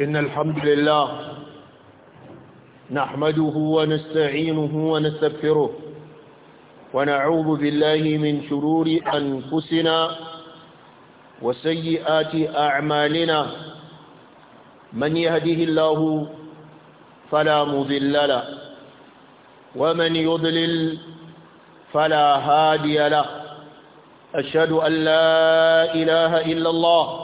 إن الحمد لله نحمده ونستعينه ونستغفره ونعوذ بالله من شرور أنفسنا وسيئات أعمالنا من يهده الله فلا مذل له ومن يضلل فلا هادي له أشهد أن لا إله إلا الله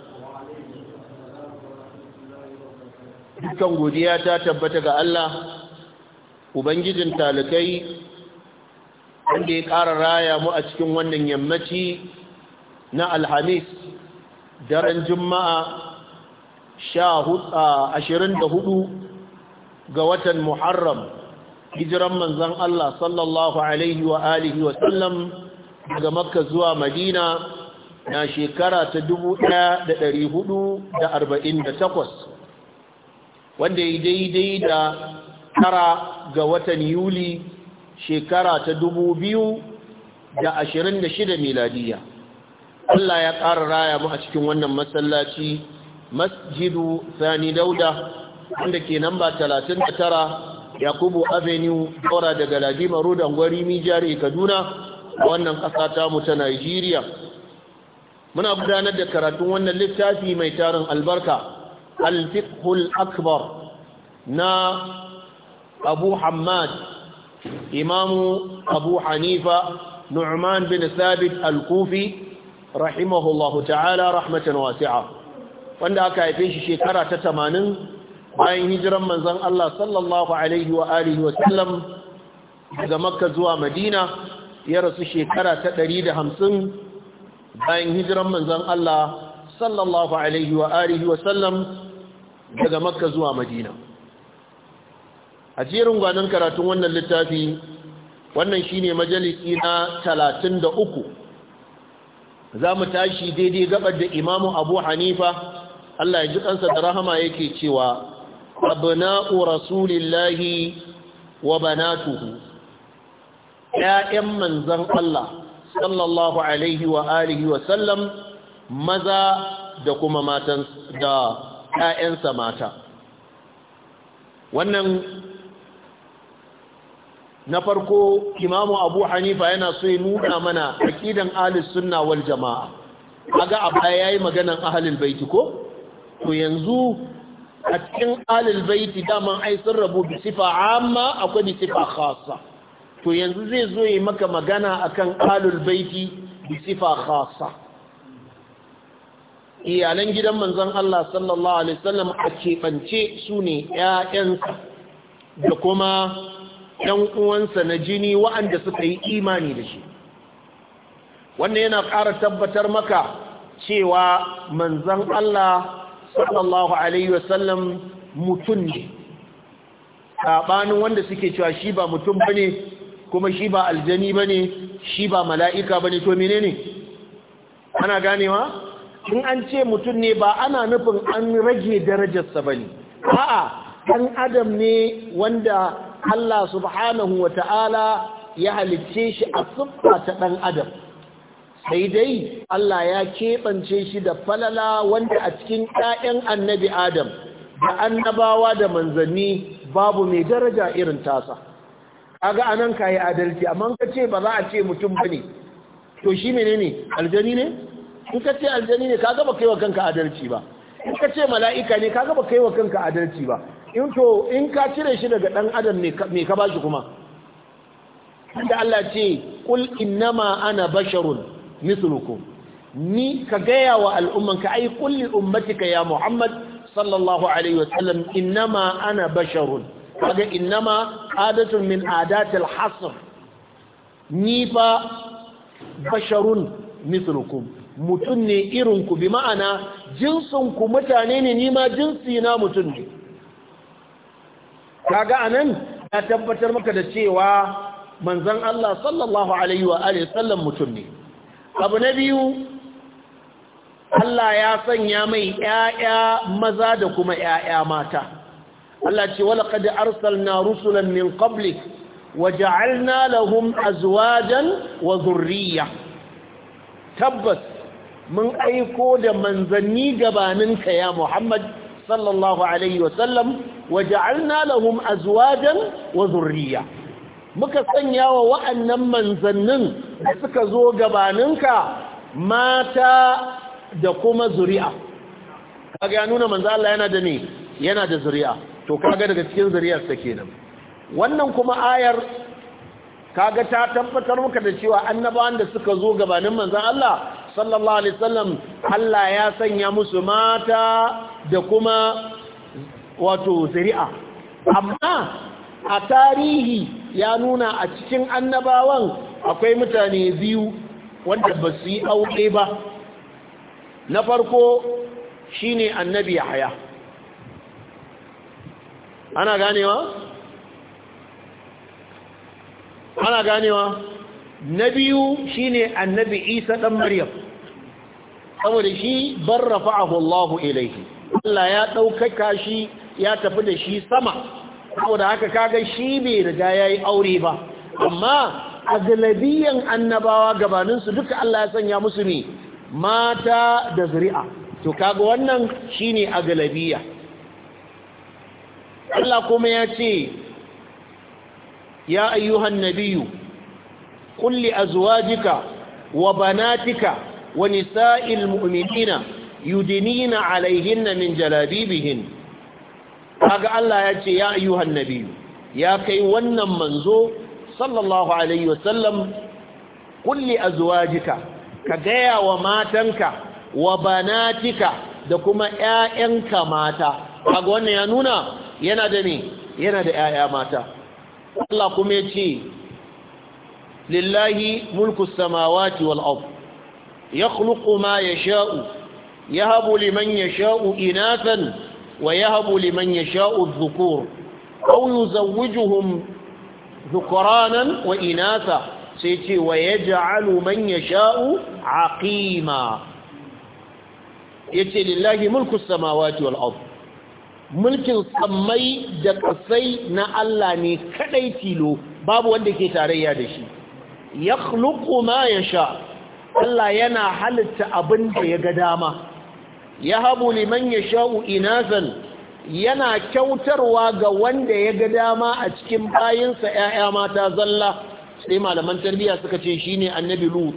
dukkan godiya ta tabbata ga Allah ubangijin talikai wanda ya ƙara raya mu a cikin wannan yammaci na alhamis daren juma'a ashirin da hudu ga watan muharram hijiran manzan Allah sallallahu alaihi wa alihi wa sallam daga makka zuwa madina na shekara ta dubu ɗaya da da da ɗari takwas, wanda ya daidai da tara ga watan yuli shekara ta dubu biyu da ashirin da shida miladiya Allah ya ƙara raya mu a cikin wannan masallaci masjidu sani dauda wanda ke namba talatin da tara yakubu avenue daura daga maru da gwari mijari kaduna a wannan ƙasa tamu ta nigeria muna gudanar da karatun wannan littafi mai tarin albarka الفقه الأكبر نا أبو حماد إمام أبو حنيفة نعمان بن ثابت الكوفي رحمه الله تعالى رحمة واسعة wanda aka haife shi shekara ta tamanin bayan hijiran manzon Allah sallallahu alaihi wa alihi wa sallam Makka zuwa Madina ya rasu shekara ta ɗari da hamsin bayan hijiran manzon Allah sallallahu alaihi daga makka zuwa madina a jerin gwanon karatun wannan littafi wannan shine majalisi na talatin da uku za mu tashi daidai gabar da imamu abu hanifa allah ya ji kansa da rahama yake cewa abna'u rasulillahi wa banatuhu ya'yan manzan allah sallallahu alaihi wa alihi wa sallam maza da kuma matan da yayansa mata wannan na farko imamu abu hanifa yana so ya nuna mana aƙidan ahlus sunna wal jamaa aga abu ya yayi maganan ahlul baiti ko to yanzu a cikin ahlul baiti daman ai sun rabu bi sifa amma akwai bi sifa khasa to yanzu zai zo yi maka magana akan ahlul baiti bi sifa khasa iyalan gidan manzon Allah sallallahu alaihi wasallam a keɓance su ne ‘ya'yansa da kuma ‘yan uwansa na jini wa'anda suka yi imani da shi wannan yana ƙara tabbatar maka cewa manzan Allah sallallahu alaihi wasallam mutum ne saɓanin wanda suke cewa shi ba mutum ba ne kuma shi ba aljani ba ne shi ba mala'ika ba ne to menene ana ganewa? in an ce mutum ne ba ana nufin an rage darajarsa ba ne a'a ɗan adam ne wanda Allah subhanahu wa ta'ala ya halicce shi a siffa ta ɗan adam sai dai Allah ya keɓance shi da falala wanda a cikin ƴaƴan annabi adam da annabawa da manzanni babu mai daraja irin tasa kaga anan kayi adalci amma ka ce ba za a ce mutum bane to shi menene aljani ne in ka ce aljani ne kaga gaba kai wa kanka adalci ba in ka ce mala'ika ne ka gaba kai wa kanka adalci ba in to in ka cire shi daga dan adam me ka bashi kuma inda Allah ce kul innama ana basharun mislukum ni ka gaya wa al'umman ka ai kulli ummatika ya Muhammad sallallahu alaihi wasallam innama ana basharun kaga innama adatun min adatil hasr ni fa basharun mislukum mutum ne irinku bi ma'ana jinsinku mutane ne nima jinsi na mutum ne kaga anan ya tabbatar maka da cewa manzon Allah sallallahu alaihi wa alihi sallam mutum ne abu na biyu Allah ya sanya mai ƴaƴa maza da kuma ƴaƴa mata Allah ce wala qad arsalna rusulan min qablik ja'alna lahum azwajan wa dhurriyyah tabbas mun aiko da manzanni gabaninka ya Muhammad sallallahu alaihi wasallam waja'alna lahum azwajan wa zurriya muka sanya wa wa'annan manzannin da suka zo gabaninka mata da kuma zuri'a kaga ya nuna manzo Allah yana da ne yana da zuri'a to kaga daga cikin zuri'arsa kenan wannan kuma ayar kaga ta tabbatar muka da cewa annabawan da suka zo gabanin manzan Allah sallallahu alaihi wasallam Allah ya sanya musu mata da kuma wato zuri'a amma a tarihi ya nuna a cikin annabawan akwai mutane biyu wanda ba su yi aure ba na farko shine annabi Yahya ana ganewa ana ganewa na biyu shine annabi Isa dan Maryam saboda shi bar rafa'ahu ilaihi ilaihi. Allah ya daukaka shi ya tafi da shi sama saboda haka kaga shi bai riga yayi aure ba amma a annabawa gabanin su duka Allah ya sanya musu ne mata da zuri'a to kaga wannan shine a Allah kuma ya ce ya ayyuhan nabiyyu qul li azwajika wa banatika Wani nisa'il mu'minina yudinina alaihinna min jalabibihin kaga Allah ya ce ya ayyuhan nabiyyu ya kai wannan manzo sallallahu alaihi wasallam kulli azwajika ka gaya wa matanka wa banatika da kuma ƴaƴanka mata kaga wannan ya nuna yana da ne yana da ƴaƴa mata Allah kuma ya ce lillahi mulku samawati wal ardh ya ma ya sha’u ya habu liman sha’u inatan wa ya habu liman sha’u zukur au yi zawujuhun zukuranan wa inata sai ce wa ya ja’alu man sha’u a ya ce lillahi mulku samawati wal’ad mulkin samai da ƙasai na Allah ne kaɗai tilo babu wanda ke tarayya da shi ya ma ya sha’u Allah yana halitta abin da ya ga dama ya habu liman ya sha'u inasan yana kyautarwa ga wanda ya ga dama a cikin bayinsa ‘ya'ya mata zalla sai malaman tarbiyya suka ce shi ne annabi lut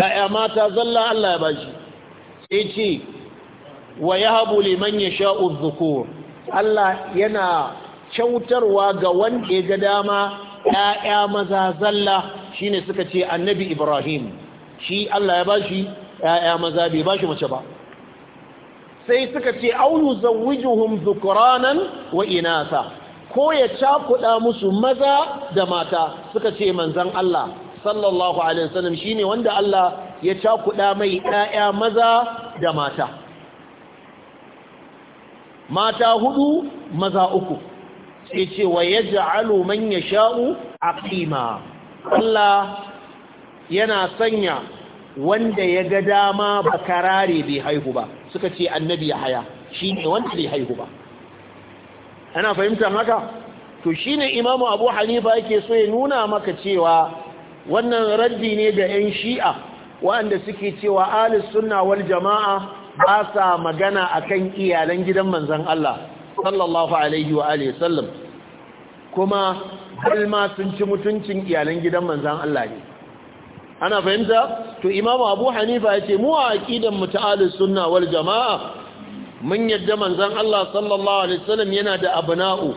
‘ya'ya mata zalla Allah ya ba shi sai ce wa ya habu liman ya sha'u zukur Allah yana kyautarwa ga wanda ya ga dama ‘ya'ya maza zalla ne suka ce annabi ibrahim shi Allah ya bashi ya'ya maza bai bashi mace ba sai suka ce aunu zawwijuhum dhukranan wa ko ya cakuɗa musu maza da mata suka ce manzan Allah sallallahu alaihi wasallam shine wanda Allah ya cakuɗa mai ɗaya maza da mata mata hudu maza uku sai ce wa yaj'alu man a aqima Allah yana sanya wanda ya ga dama ba karare bai haihu ba suka ce annabi ya haya shi ne wanda bai haihu ba ana fahimtar haka to shi ne imamu abu hanifa yake so ya nuna maka cewa wannan raddi ne ga 'yan shi'a waɗanda suke cewa alis Suna wal jama'a ba sa magana a Kan iyalan gidan manzan Allah sallallahu alaihi wa alihi sallam kuma har ma sun ci mutuncin iyalan gidan manzan Allah ne ana fahimta to imamu abu hanifa ya ce mu a ta muta'allis sunna wal jama'a mun yadda manzan Allah sallallahu alaihi wasallam yana da abna'u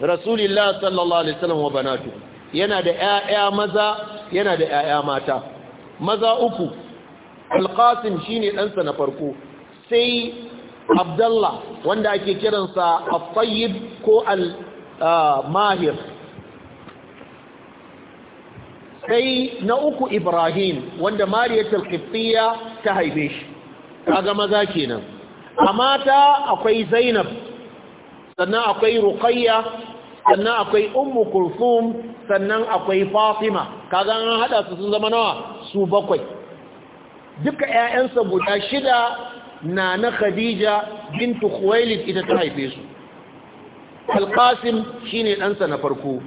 rasulillah sallallahu alaihi wasallam wa banatu yana da ƴaƴa maza yana da ƴaƴa mata maza uku alqasim shine ɗansa na farko sai abdallah wanda ake kiransa at-tayyib ko al-mahir ah, sai na uku ibrahim wanda mariyatul qibtiyya ta haife shi kaga maza kenan a mata akwai zainab sannan akwai ruqayya sannan akwai ummu kulthum sannan akwai fatima kaga an hada su sun zama nawa su bakwai duka ƴaƴansa guda shida na na khadija bintu khuwailid ita ta haife su alqasim shine ɗansa na farko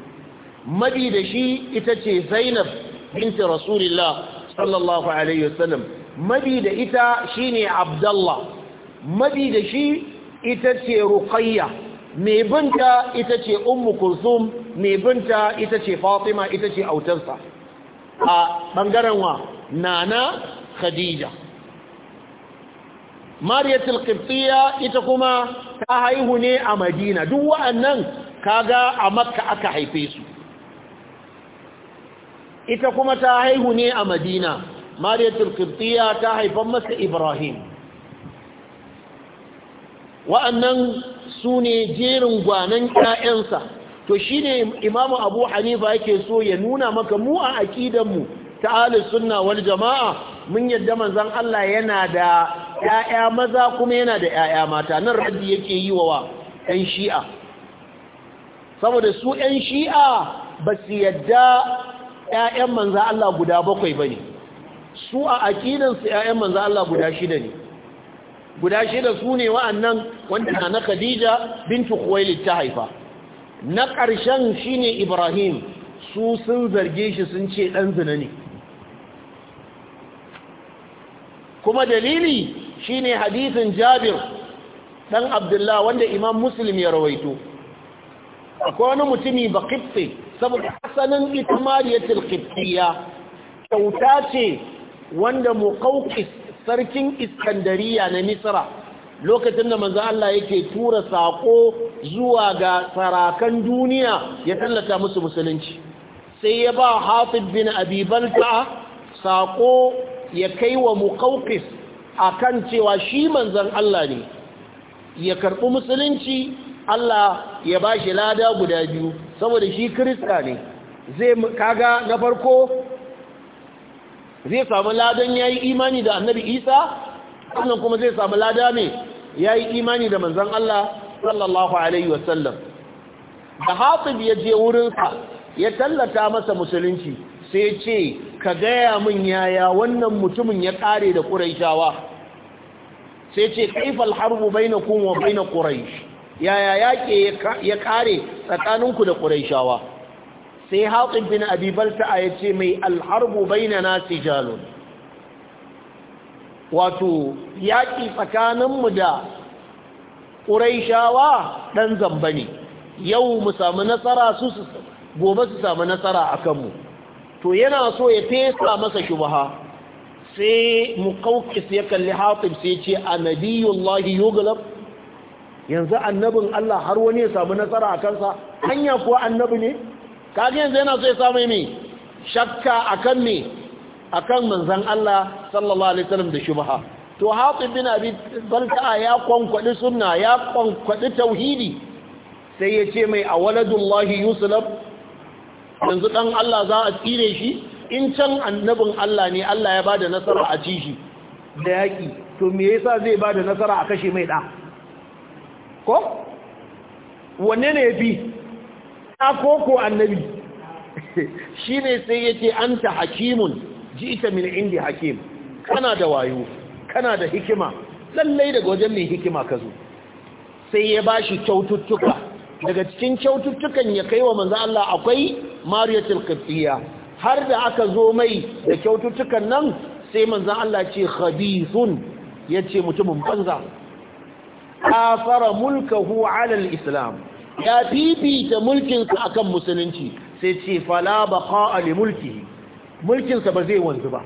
mabi da shi ita ce zainab binti rasulillah sallallahu alaihi wasallam mabi da ita shine abdullah mabi da shi ita ce ruqayya mai binta ita ce ummu kulsum mai binta ita ce fatima ita ce autarsa a bangaren wa nana khadija mariyatul qibtiyya ita kuma ta haihu ne a madina duk wa'annan kaga a makka aka haife su ita kuma ta haihu ne a madina mariyatul qibtiyya ta haifan masa ibrahim wa'annan su ne jerin gwanan ƴaƴansa to shine imamu abu hanifa yake so ya nuna maka mu a mu ta ahlus sunna wani jamaa mun yadda manzon Allah yana da ƴaƴa maza kuma yana da ƴaƴa mata nan raddi yake yi wa ƴan shi'a saboda su 'yan shi'a ba su yadda Ya'yan manza Allah guda bakwai ne su a aqidansu ya'yan manza Allah guda shida ne guda shida su ne wa'annan wanda na Khadija bintu Khuwailid ta haifa na ƙarshen ne Ibrahim su sun zarge shi sun ce ɗan zina ne kuma dalili shine hadisin Jabir ɗan Abdullah wanda Imam Muslim ya rawaito akwai wani mutumi baƙiɓe saboda asalin ita qibtiyya kyauta ce wanda muqawqis sarkin iskandariya na misra lokacin da manzo Allah yake tura sako zuwa ga sarakan duniya ya tallata musu musulunci sai ya ba Hafiz bin Abi Balta sako ya kai wa Muqawqis akan cewa shi manzon Allah ne ya karbi musulunci Allah ya bashi lada guda biyu saboda shi kirista ne zai kaga na farko zai samu ladan yi imani da annabi isa sannan kuma zai samu lada ne ya yi imani da manzan Allah sallallahu alaihi wasallam da haka ya je wurinsa ya tallata masa musulunci sai ce ka gaya min yaya wannan mutumin ya kare da quraishawa sai ce kaifal harbu kuma wa bain quraish yaya yake ya kare tsakaninku da ƙuraishawa sai haƙin bin abibalta a ya ce mai alharbu bainana sijalun wato yaƙi tsakaninmu da ƙuraishawa ɗan zamba ne yau mu samu nasara su gobe su samu nasara a kanmu to yana so ya fesa masa shubaha sai mu muƙauƙis ya kalli haƙin sai ce a nabiyullahi yugalab yanzu annabin Allah har wani ya samu nasara a kansa hanya kuwa annabi ne kaga yanzu yana so ya samu mai shakka akan me akan manzon Allah sallallahu alaihi wasallam da shubha to Hatib bin Abi Balta'a ya kwankwadi sunna ya kwankwadi tauhidi sai ya ce mai waladullahi yuslab yanzu dan Allah za a tsire shi in can annabin Allah ne Allah ya bada nasara a ciki da yaki to me yasa zai bada nasara a kashe mai ɗa? ko wanne ne bi? ta koko annabi shine sai yace anta hakimun ji'ta min indi hakim kana da wayo kana da hikima lallai daga wajen mai hikima ka zo sai ya bashi kyaututtuka daga cikin kyaututtukan ya kai wa manzo Allah akwai mariyatul qibtiyya har da aka zo mai da kyaututtukan nan sai manzo Allah ce khabithun yace mutumin banza afara mulkahu ala al-islam ya fifita mulkinsa akan musulunci sai ce fala baqa li mulkihi mulkinsa ba zai wanzu ba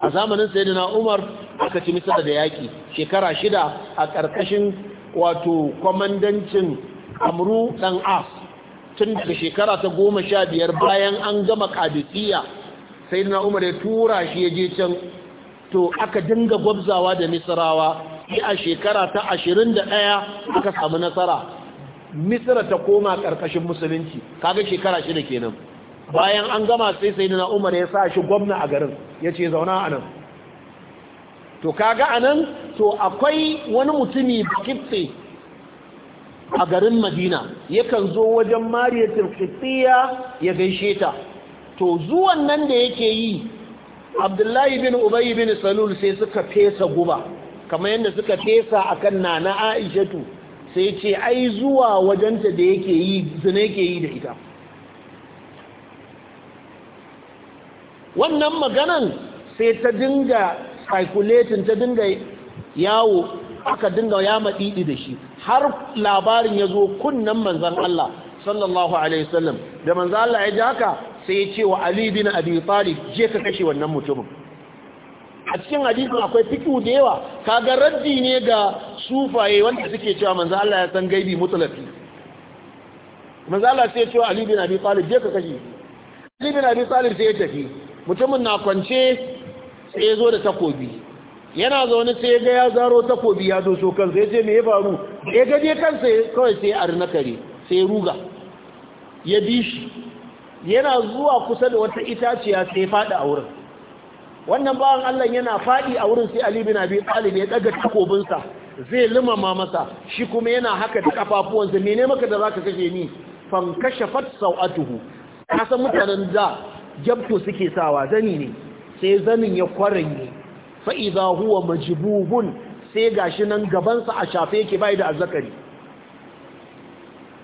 a zamanin sayyidina Umar aka ci misal da yaki shekara shida a karkashin wato komandancin Amru dan As tun daga shekara ta goma sha biyar bayan an gama kadisiya sayyidina Umar ya tura shi ya je can to aka dinga gwabzawa da Misrawa sai a shekara ta da ɗaya aka samu nasara misra ta koma ƙarƙashin musulunci kaga shekara shida kenan bayan an gama sai sai na umar ya sa shi gwamna a garin ya ce zauna a nan to kaga a nan to akwai wani mutumi kifte a garin madina yakan zo wajen mariyatul kiftiya ya gaishe ta to zuwan nan da yake yi abdullahi bin ubayi bin salul sai suka fesa guba kamar yadda suka fesa akan nana aishatu sai ce ai zuwa wajenta da yake yi zina yake yi da ita wannan maganan sai ta dinga saikuletin ta dinga yawo aka dinga ya maɗiɗi da shi har labarin ya zo kunnen manzan Allah sallallahu alaihi wasallam da manzan Allah ya ji haka sai ya ce wa Ali bin Abi Talib je ka kashe wannan mutumin a cikin hadisin akwai fikihu da yawa kaga raddi ne ga sufaye wanda suke cewa manzo Allah ya san gaibi mutlaqi manzo Allah sai ya ce Ali bin Abi Talib je ka kaji Ali bin Abi Talib sai ya tafi mutumin na kwance sai ya zo da takobi yana zaune sai ya ga ya zaro takobi ya doso kansa ya ce me ya faru ya gaje kansa kawai sai ya arna kare sai ya ruga ya bishi. yana zuwa kusa da wata itaciya sai ya fada a wurin wannan bawan Allah yana faɗi a wurin sai Ali bin Abi Talib ya daga takobinsa zai limama masa shi kuma yana haka da kafafuwansa mene maka da zaka kashe ni Fan fankashafat sau'atuhu kasan mutanen da jabto suke sawa zani ne sai zanin ya kwarenye fa idza huwa majbubun sai gashi nan gabansa a shafe yake bai da azzakari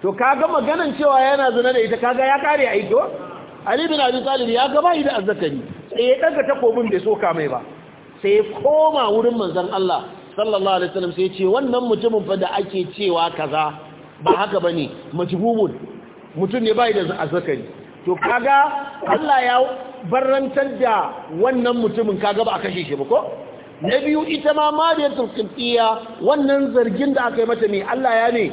to kaga maganan cewa yana zina da ita kaga ya kare aiki wa Ali bin Abi Talib ya ga yi da azzakari sai ya daga takobin bai soka mai ba sai koma wurin manzon Allah sallallahu alaihi wasallam sai ce wannan mutumin fa da ake cewa kaza ba haka bane majbubun mutum ne bai da azzakari to kaga Allah ya barrantar da wannan mutumin kaga ba a kashe shi ba ko na biyu ita ma mariyatul qibtiyya wannan zargin da aka yi mata ne Allah ya ne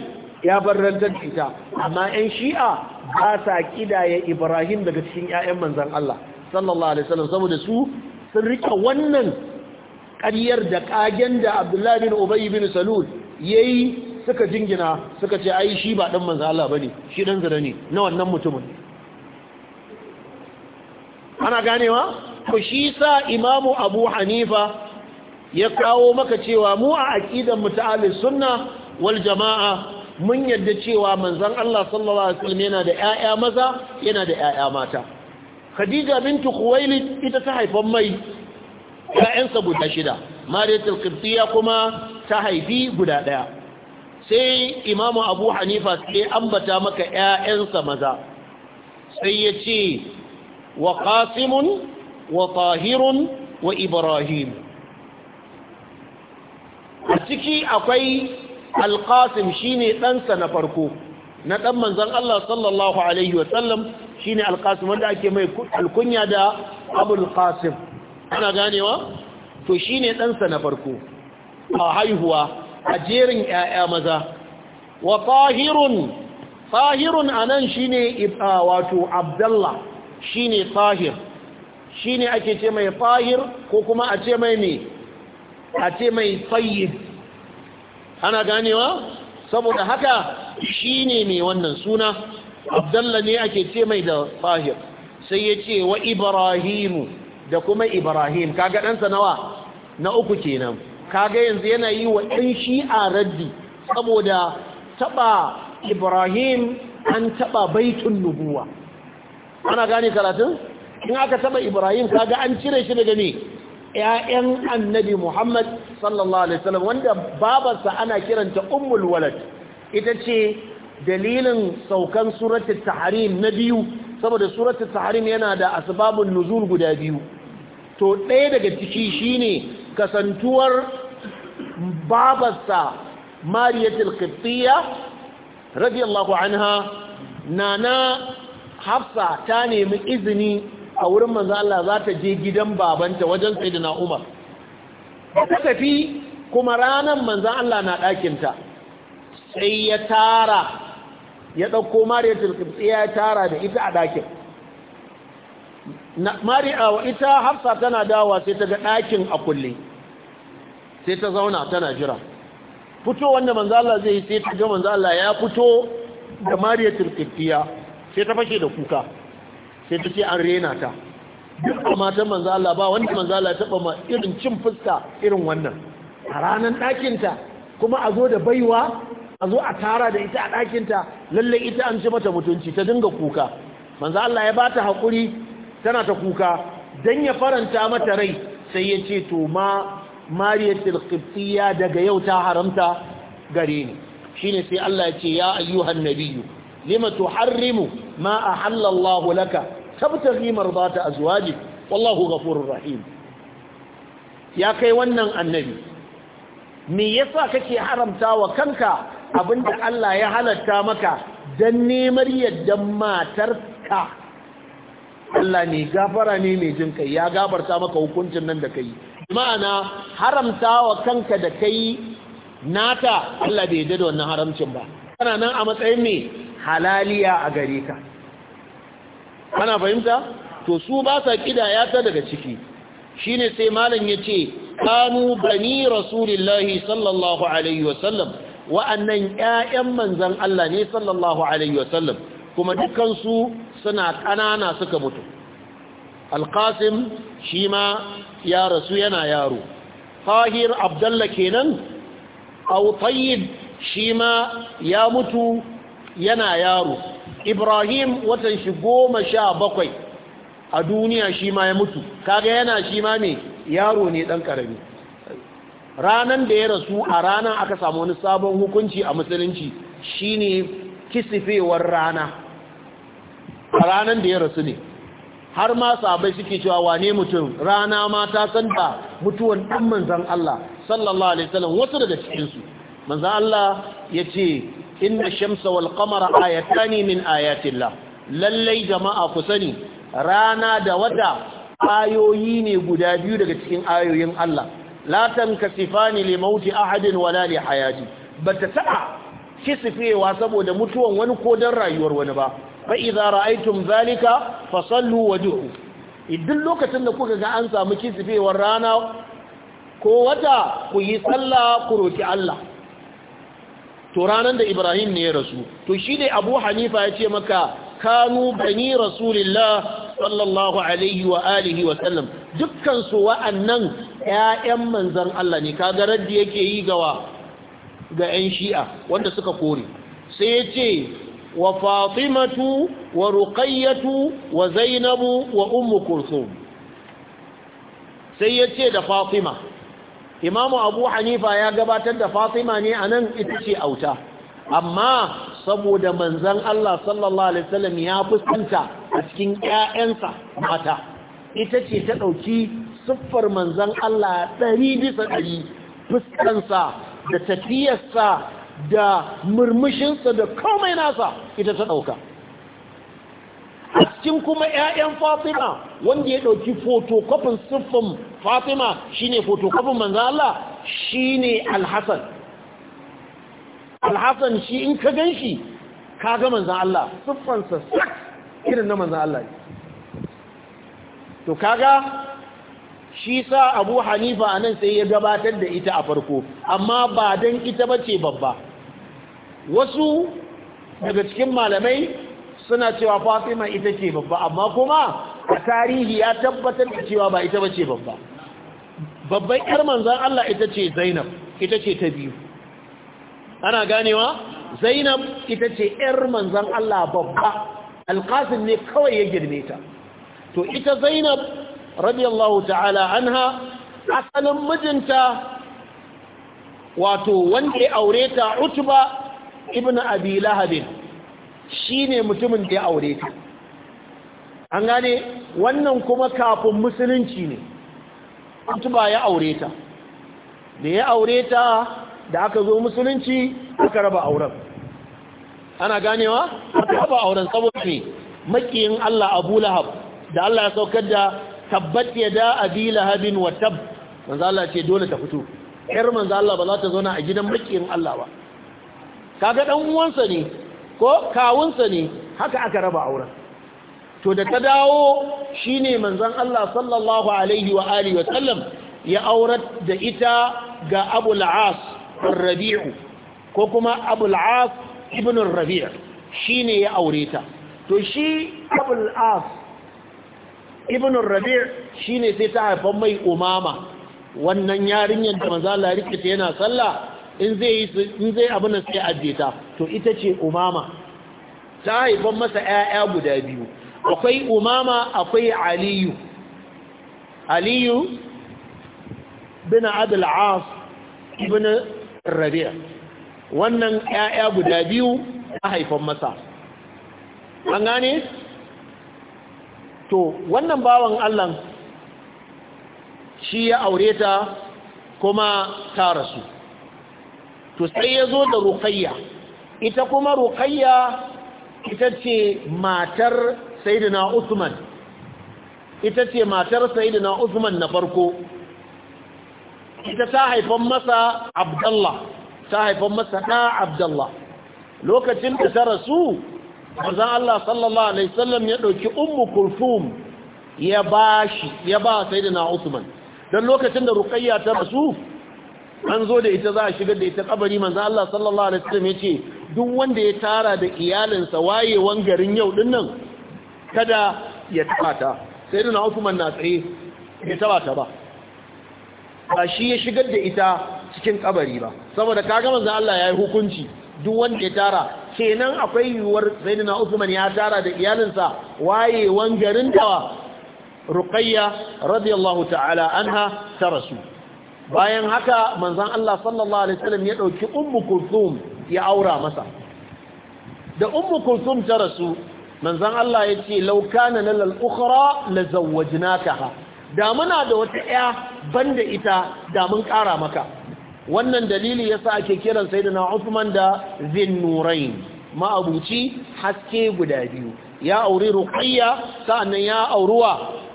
ya barrantar da ita amma 'yan shi'a ba sa kidaya Ibrahim daga cikin 'ya'yan manzan Allah sallallahu alaihi wasallam saboda su sun rika wannan ƙaryar da ƙagen da Abdullahi bin Ubay bin Salul yayi suka jingina suka ce ai shi ba dan manzo Allah bane shi dan zira ne na wannan mutumin ana ganewa ko shi sa Imam Abu Hanifa ya kawo maka cewa mu a aqidan mu ta sunna wal jamaa mun yadda cewa manzon Allah sallallahu alaihi wasallam yana da ƴaƴa maza yana da ƴaƴa mata khadija bintu khuwailid ita ta haifa mai ƴaƴansa guda shida mariyatul qibtiyya kuma ta haifi guda ɗaya sai imamu abu hanifa sai ambata maka ƴaƴansa maza sai ya ce wa wa tahirun wa ibrahim a ciki akwai alqasim shine ɗansa na farko na dan manzon Allah sallallahu alaihi shine alqasim wanda ake mai alkunya da abul qasim ana ganewa to shine ɗansa na farko a haihuwa a jerin 'ya'ya maza wa tahirun tahirun anan shine wato abdullah shine tahir shine ake ce mai tahir ko kuma a ce mai ne a ce mai tayyib ana ganewa saboda haka shine mai wannan suna abdalla ne ake ce mai da fahir sai ya ce wa ibrahimu da kuma ibrahim kaga ɗansa nawa na uku kenan kaga yanzu yana yi wa ɗan shi'a raddi saboda taɓa ibrahim an taɓa baitun nubuwa ana gane karatun in aka taɓa ibrahim kaga an cire shi daga ne ‘ya'yan annabi muhammad sallallahu alaihi wasallam wanda babarsa ana kiranta ummul walad ita ce dalilin saukan suratul tahrim na biyu saboda suratul tahrim yana da asbabun nuzul guda biyu to ɗaya daga ciki shine kasantuwar babarsa mariyatul qibtiyya radiyallahu anha nana hafsa ta nemi izini a wurin manzo Allah za ta je gidan babanta wajen sayyidina Umar ta tafi kuma ranan manzo Allah na ɗakinta sai ya tara ya ɗauko mariyar kibtsi ya tara da ita a ɗakin mariya wa ita hafsa tana dawa sai ta ga ɗakin a kulle sai ta zauna tana jira fito wanda manzala zai sai ta ga manzala ya fito da mariyatul kibtiya sai ta fashe da kuka sai ta ce an rena ta duk a matan manzala ba wanda manzala ya taɓa ma irin cin fuska irin wannan a ranar ɗakinta kuma a zo da baiwa a zo a tara da ita a ɗakinta lallai ita an ci mata mutunci ta dinga kuka manzo Allah ya bata hakuri tana ta kuka dan ya faranta mata rai sai ya ce to ma mariyatul qibtiyya daga yau ta haramta gare ni shine sai Allah ya ce ya ayyuhan nabiyyu lima tuharrimu ma ahalla Allah laka tabtaghi mardata azwajik wallahu ghafurur rahim ya kai wannan annabi me yasa kake haramta wa kanka abinda Allah ya halatta maka don nemar yaddan matarka Allah ne gafara ne mai jin kai ya gafarta maka hukuncin nan da kai ma'ana haramta wa kanka da kai nata Allah bai yadda da wannan haramcin ba kana nan a matsayin mai halaliya a gare ka ana fahimta to su ba sa kidaya ta daga ciki shine sai malam yace kanu bani rasulillahi sallallahu alaihi wasallam wa'annan ƴaƴan manzon Allah ne sallallahu alaihi wasallam kuma dukansu suna ƙanana suka mutu alqasim shi ma ya rasu yana yaro fahir abdullah kenan aw tayyib shi ma ya mutu yana yaro ibrahim watan shi goma sha bakwai a duniya shi ma ya mutu kaga yana shi ma mai yaro ne ɗan ƙarami. ranan da ya rasu a rana aka samu wani sabon hukunci a musulunci shine kisifewar rana a ranan da ya rasu ne har ma sabai suke cewa wane mutum rana ma ta santa mutuwan ɗan manzan Allah sallallahu alaihi wasallam wasu daga cikinsu manzan Allah ya ce inna shamsa wal qamara ayatani min ayatillah lallai jama'a ku sani rana da wata ayoyi ne guda biyu daga cikin ayoyin Allah la tankasifani li mauti ahadin wala li hayati bata ta'a kisifewa saboda mutuwan wani ko dan rayuwar wani ba fa idza ra'aytum zalika fasallu wajhu idan lokacin da kuka ga an samu kisifewar rana ko wata ku yi sallah ku roki Allah to ranan da Ibrahim ne ya rasu to shi ne Abu Hanifa ya ce maka kanu bani rasulillah sallallahu alaihi wa alihi wa sallam dukkan su wa'annan ‘ya'yan manzan Allah ne ka kaga raddi yake yi gawa ga ‘yan shi'a wanda suka kore sai ya ce wa fatimatu wa ruqayyatu wa zainabu wa umu kursum sai ya ce da fatima imamu abu hanifa ya gabatar da fatima ne a nan ita ce auta amma saboda manzan Allah sallallahu Alaihi wasallam ya fuskanta a cikin ‘ya'yansa mata ita ce ta ɗauki siffar manzan Allah ɗari bisa ɗari fuskansa da tafiyarsa da murmushinsa da komai nasa ita ta ɗauka a cikin kuma 'ya'yan fatima wanda ya ɗauki fotokofin siffin fatima shine fotokofin manzan Allah Shi ne alhassan alhassan shi in ka gan shi ka ga manzan Allah siffansa irin na manzan Allah to kaga shi sa abu hanifa a nan sai ya gabatar da ita a farko amma ba don ita ba ce babba wasu daga cikin malamai suna cewa fatima ita ce babba amma kuma a tarihi ya tabbatar da cewa ba ita ba ce babba babban yar manzan Allah ita ce zainab ita ce ta biyu ana ganewa zainab ita ce yar manzan Allah babba alƙasin ne kawai ya girme ta to ita zainab radiyallahu ta'ala anha asalin mijinta wato wanda ya aure ta utuba ibn abi lahabin shine mutumin da ya aure ta an gane wannan kuma kafin musulunci ne utuba ya aure ta da ya aure ta da aka zo musulunci aka raba auren ana ganewa aka raba auren saboda ne makiyin Allah Abu Lahab da Allah ya saukar da tabbat yada abi lahabin wa tab manzo Allah ce dole ta fito yar manzo Allah ba za ta zauna a gidan makiyin Allah ba kaga dan uwansa ne ko kawunsa ne haka aka raba auren to da ta dawo shine manzon Allah sallallahu alaihi wa alihi wa sallam ya aurat da ita ga Abu al-As ar-Rabi'u ko kuma Abu al-As ibn ar-Rabi' shine ya aure ta to shi Abu al-As ibn rabi' shine sai ta haifa mai umama wannan yarinyar da manzo Allah rike ta yana sallah in zai in zai abin sai ajiye to ita ce umama ta haifa masa ƴaƴa guda biyu akwai umama akwai aliyu aliyu bin abdul as ibn rabi' wannan 'ya'ya guda biyu ta haifa masa an gane to wannan bawan Allah shi ya aure ta kuma ta rasu to sai ya zo da ruqayya ita kuma ruqayya ita ce matar sayyidina Usman. ita ce matar sayyidina Usman na farko ita ta haifan masa Abdullah ta haifan masa da Abdullah lokacin da ta rasu manzon Allah sallallahu alaihi wasallam ya dauki ummu kulthum ya bashi ya ba sayyidina Usman dan lokacin da Ruqayya ta rasu an zo da ita za a shigar da ita kabari manzon Allah sallallahu alaihi wasallam yace duk wanda ya tara da iyalinsa wayewan garin yau nan kada ya tabata sayyidina Usman na tsaye ya tabata ba ba shi ya shigar da ita cikin kabari ba saboda kaga manzon Allah yayi hukunci duk wanda ya tara kenan akwai yiwuwar sayyidina Usman ya tara da iyalinsa wayewan garin dawa Ruqayya radiyallahu ta'ala anha ta rasu bayan haka manzon Allah sallallahu alaihi wasallam ya dauki Ummu Kulthum ya aura masa da Ummu Kulthum ta rasu manzon Allah ya ce law kana lal ukhra lazawwajnakaha da muna da wata ƴa ita da mun ƙara maka wannan dalili yasa ake kiran sayyidina Uthman da Zinnurain ma'abuci haske guda biyu ya auri Ruqayya sannan ya auruwa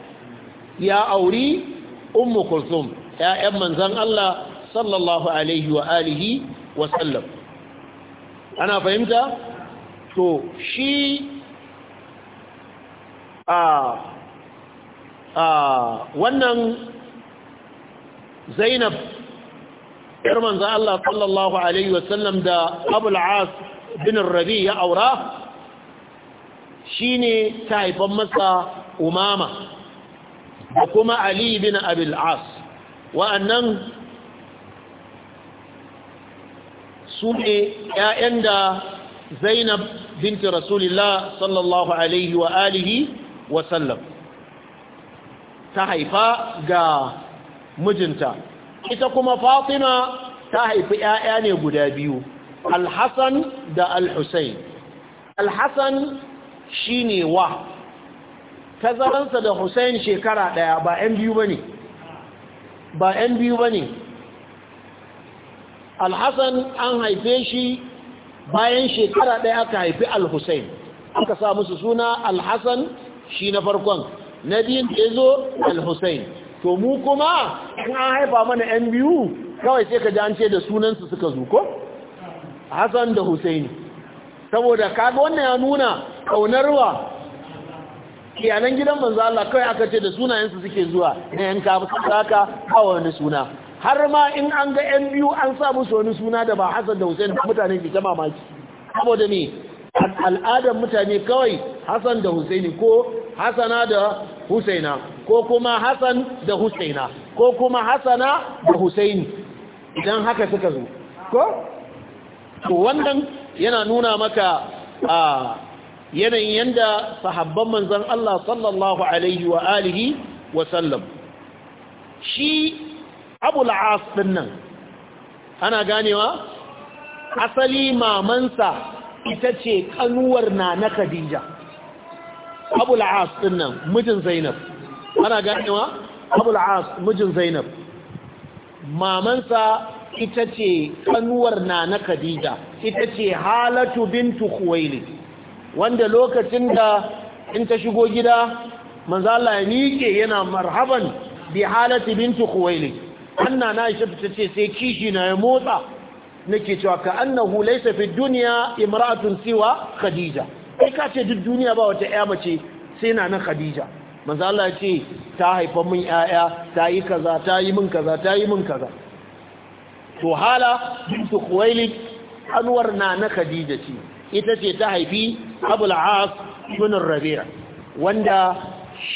ya auri Ummu Kulthum ƴaƴan manzon Allah sallallahu alaihi wa alihi wa sallam ana fahimta to shi a a wannan Zainab yar manzo Allah sallallahu alaihi wasallam da Abul bin Rabi ya aura shine ta haifan masa Umama da kuma Ali bin Abul wa'annan su ne ƴaƴan da Zainab binti Rasulillah sallallahu alaihi wa alihi wa sallam ta haifa ga mijinta ita kuma fatima ta haifi 'ya'ya ne guda biyu alhassan da alhussein alhassan shi ne wa tazaransa da husain shekara ɗaya ba 'yan biyu ba ne ba 'yan biyu ba ne alhassan an haife shi bayan shekara ɗaya aka haifi alhussein aka sa musu suna alhassan shi na farkon na biyun da zo to mu kuma in an haifa mana yan biyu kawai sai ka jance da sunansu suka zo ko Hassan da Husaini saboda kaga wannan ya nuna kaunarwa iyalan gidan manzo Allah kawai aka ce da sunayensu suke zuwa ka yanka saka kawai wani suna har ma in an ga yan biyu an sa musu wani suna da ba Hassan da Husaini da mutane ke ta mamaki saboda me al'adar mutane kawai Hassan da Husaini ko Hassana da Husaina ko kuma Hassan da Husaina ko kuma Hassana da Husaini idan haka suka zo ko to wannan yana nuna maka a yanayin yanda sahabban manzon Allah sallallahu alaihi wa alihi wa sallam shi Abu al-As dinnan ana ganewa asali mamansa ita ce kanuwar na na Khadija Abu al-As dinnan mijin Zainab ana ganewa abul as mijin zainab mamansa ita ce kanuwar na na khadija ita ce halatu bintu khuwailid wanda lokacin da in ta shigo gida manzo Allah ya miƙe yana marhaban bi halatu bintu khuwailid anna na aisha ta ce sai kishi na ya motsa nake cewa ka annahu laysa fi dunya imra'atun siwa khadija kai ka ce duk duniya ba wata ƴa mace sai na na khadija manzo Allah ya ce ta haifa mun yaya ta yi kaza ta yi mun kaza ta yi mun kaza to hala bint khuwailid anwar na na khadija ce ita ce ta haifi abul as ibn rabi'a wanda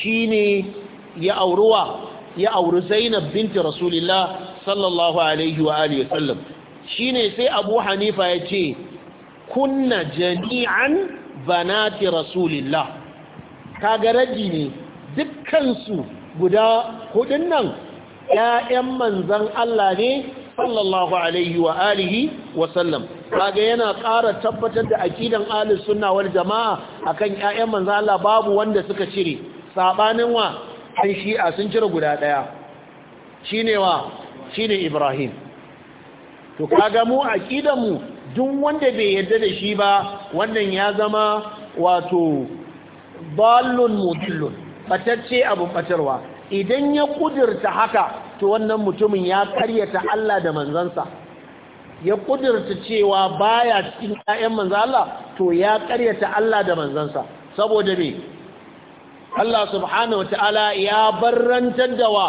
shine ya auruwa ya auri zainab binti rasulillah sallallahu alaihi wa alihi wasallam shine sai abu hanifa ya ce kunna jami'an banati rasulillah kaga raji ne dukkansu guda hudun nan ‘ya'yan manzan Allah ne sallallahu alaihi wa alihi wa sallam. kaga yana ƙara tabbatar da akidan alis suna wani jama'a kan ‘ya'yan manzan Allah babu wanda suka cire saɓanin wa an shi'a sun cire guda ɗaya shi ne wa shi ne ibrahim to kaga mu aƙidanmu duk wanda bai yarda da shi ba wannan ya zama wato ballon mudillon ɓatacce abu batarwa idan ya ƙudurta haka to wannan mutumin ya karyata Allah da manzansa ya ƙudurta cewa baya cikin ƴaƴan manzan Allah to ya karyata Allah da manzansa saboda me Allah subhanahu ta'ala ya barrantar da wa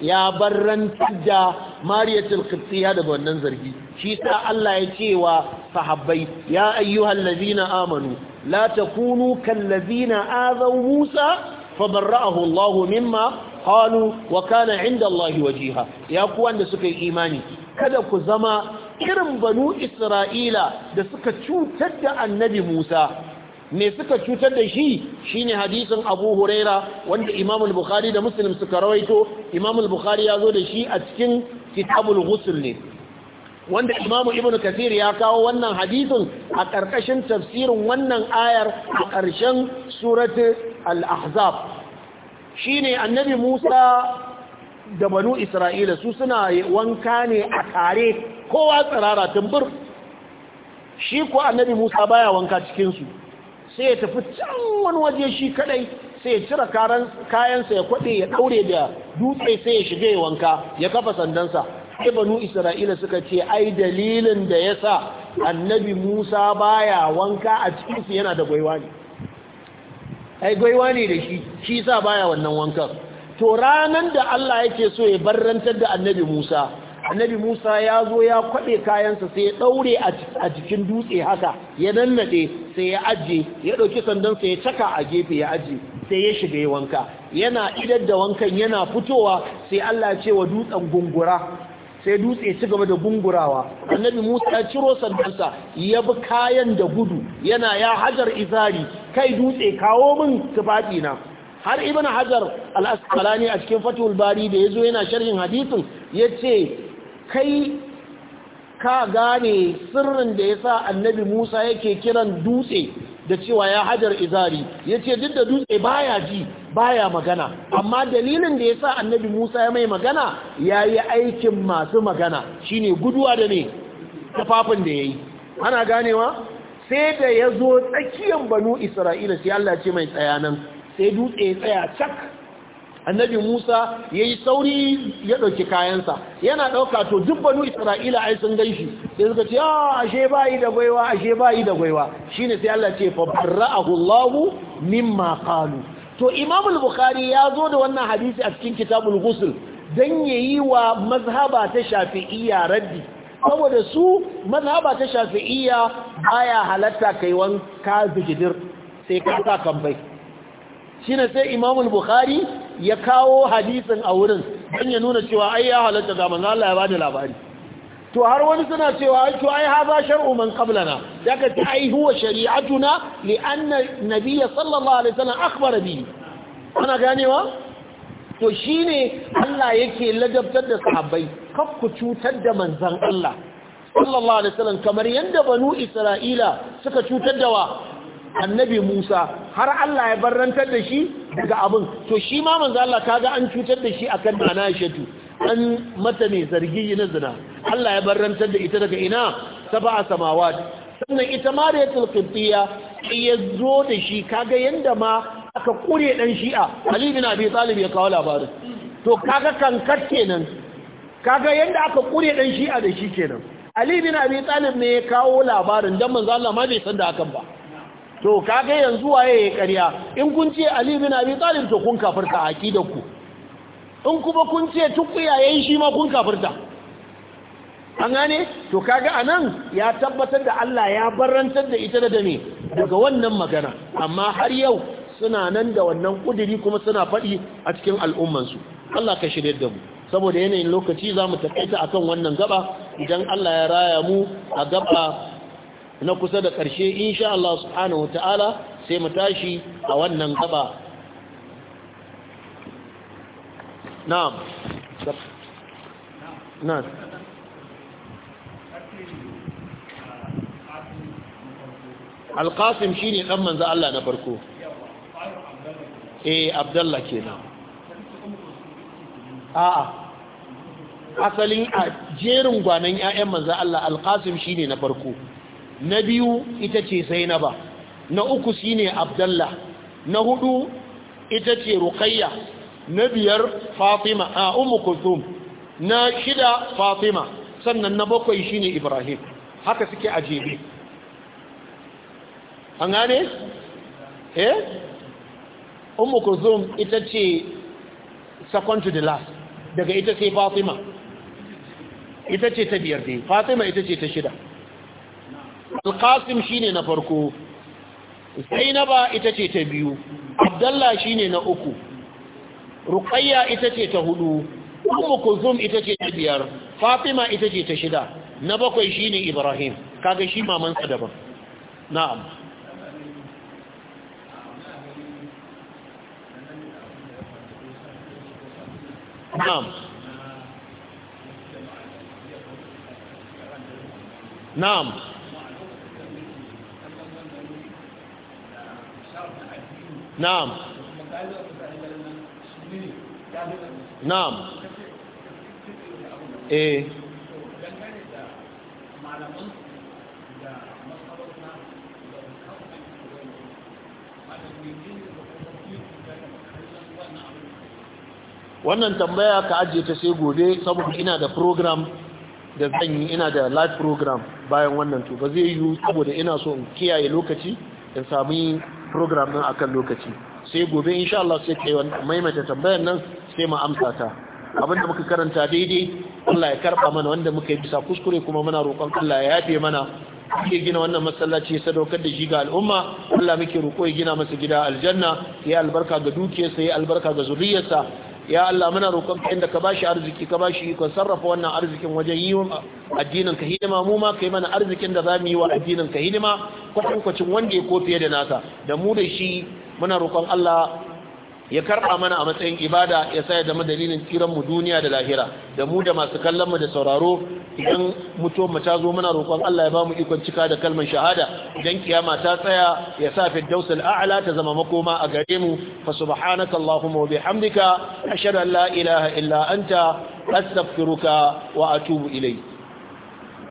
ya barrantar da mariyatul qibtiyya daga wannan zargi shi ta Allah ya ce wa sahabbai ya ayyuhallazina amanu la takunu kallazina azaw musa فبرأه الله مما قالوا وكان عند الله وجيها يا كوان da suka yi imani kada ku zama irin banu Isra'ila da suka cutar da annabi Musa me suka cutar da shi shine hadisin Abu Huraira wanda Imam al-Bukhari da Muslim suka rawaito Imam al-Bukhari ya zo da shi a cikin Kitabul Ghusl ne wanda Imam Ibn Kathir ya kawo wannan hadisin a ƙarƙashin tafsirin wannan ayar a ƙarshen suratu al-ahzab shine annabi Musa da banu Isra'ila su suna wanka ne a tare kowa tsirara tumbur shi ko annabi Musa baya wanka cikinsu sai ya tafi can wani waje shi kadai sai ya cire kayansa ya kwade ya daure da dutse sai ya shiga ya wanka ya kafa sandansa sai banu isra'ila suka ce ai dalilin da ya sa annabi musa baya wanka a cikinsu yana da gwaiwa ne ai gwaiwa ne da shi shi sa baya wannan wankan to ranan da Allah yake so ya barrantar da annabi Musa annabi Musa ya zo ya kwaɗe kayansa sai ya ɗaure a jikin dutse haka ya nannade sai ya ajiye ya ɗauki sandansa ya caka a gefe ya ajiye sai ya shiga yawanka wanka yana idar da wankan yana fitowa sai Allah ce wa dutsen gungura sai dutse ci gaba da gungurawa annabi musa ya ciro sandansa ya bi kayan da gudu yana ya hajar izari kai dutse kawo min tufafi na har ibn hajar al-asqalani a cikin fatul bari da yazo yana sharhin hadisin yace kai ka gane sirrin da yasa annabi musa yake kiran dutse da cewa ya hajar izari ya ce duk da dutse baya ji baya magana amma dalilin da ya sa annabi musa ya mai magana ya yi aikin masu magana shine guduwa da ne tafafin da ya yi ana ganewa sai da ya zo tsakiyar banu isra'ila sai allah ce mai tsayanan sai dutse ya tsaya cak annabi Musa yayi sauri ya ɗauki kayansa yana ɗauka to duk banu Isra'ila ai sun ganshi sai suka ce ah ashe yi da gwaiwa ashe yi da gwaiwa ne sai Allah ce fa barra'ahu mimma qalu to Imam al-Bukhari ya zo da wannan hadisi a cikin Kitabul don dan yayi wa mazhaba ta Shafi'iyya raddi saboda su mazhaba ta Shafi'iyya baya halatta kai wanka bijidir sai ka sa kambai shine sai Imam al-Bukhari ya kawo hadisin a wurin don ya nuna cewa ai ya halatta ga manzo Allah ya labari to har wani suna cewa ai to ai haza shar'u man qablana daga ta ai huwa shari'atuna li anna nabiy sallallahu alaihi wasallam akhbara bi kana ganewa to shine Allah yake ladabtar da sahabbai kaf ku cutar da manzon Allah sallallahu alaihi wasallam kamar yanda banu Isra'ila suka cutar da wa annabi Musa har Allah ya barrantar da shi daga abin to shi ma manzo Allah kaga an cutar da shi akan Nana shatu an mata ne zargi na zina Allah ya barrantar da ita daga ina saba samawat sannan ita ma Qibtiyya ya zo da shi kaga yanda ma aka kure dan Shi'a Ali bin Abi Talib ya kawo labarin to kaga kankat kenan kaga yanda aka kure dan Shi'a da shi kenan Ali bin Abi Talib ne ya kawo labarin dan manzo Allah ma bai san da hakan ba to kaga yanzu waye ya ƙarya in kun ce Ali bin Abi Talib to kun kafirta aqidar ku in kuma kun ce yayi shi ma kun kafirta an gane to kaga anan ya tabbatar da Allah ya barantar da ita da dame daga wannan magana amma har yau suna nan da wannan kudiri kuma suna faɗi a cikin al'ummansu Allah ka shirye da mu saboda yanayin lokaci za mu akan wannan gaba idan Allah ya raya mu a gaba na kusa da ƙarshe insha Allah subhanahu ta'ala sai mu tashi a wannan gaba na'am na'am alƙasim shi ne ɗan manzo Allah na farko eh abdallah kenan a'a asalin a jerin gwanan 'ya'yan manzo Allah alƙasim shi ne na farko na biyu ita ce zainaba na uku shine abdallah na hudu ita ce ruqayya na biyar fatima a ummu kulthum na shida fatima sannan na bakwai shine ibrahim haka suke ajibi an gane eh ummu kulthum ita ce second to the last daga ita sai fatima ita ce ta biyar dai fatima ita ce ta shida alƙasim shi ne na farko zainaba ita ce ta biyu abdallah shi ne na uku ruƙayya ita ce ta hudu umu kuzum ita ce ta biyar fatima ita ce ta shida na bakwai shi ne ibrahim kaga shi mamansa daban na'am na'am na'am نعم نعم eh wannan tambaya ka ajiye ta sai gobe saboda ina da program da zan yi ina da live program bayan wannan to ba zai yiwu saboda ina so in kiyaye lokaci in sami program din akan lokaci sai gobe insha Allah sai kai maimaita tambayar nan sai mu amsa ta abinda muka karanta daidai Allah ya karba mana wanda muka yi bisa kuskure kuma muna roƙon Allah ya yafe mana ke gina wannan masallaci ya sadaukar da shi ga al'umma Allah muke roƙo ya gina masa gida aljanna ya albarka ga dukiyarsa ya albarka ga zuriyarsa ya Allah muna roƙon ka inda ka bashi arziki ka bashi ikon sarrafa wannan arzikin wajen yi wa addinin ka hidima mu ma kai mana arzikin da za mu yi wa addinin ka hidima kwatankwacin wanda ya ko fiye da nasa da mu da shi muna roƙon Allah ya karɓa mana a matsayin ibada ya sa da dalilin tsiran mu duniya da lahira da mu da masu kallon mu da sauraro idan mutuwar mu ta zo muna roƙon Allah ya bamu ikon cika da kalmar shahada idan kiyama ta tsaya ya sa firdaus ala ta zama makoma a gare mu fa subhanaka allahumma wa bihamdika ashhadu an la ilaha illa anta astaghfiruka wa atubu ilayk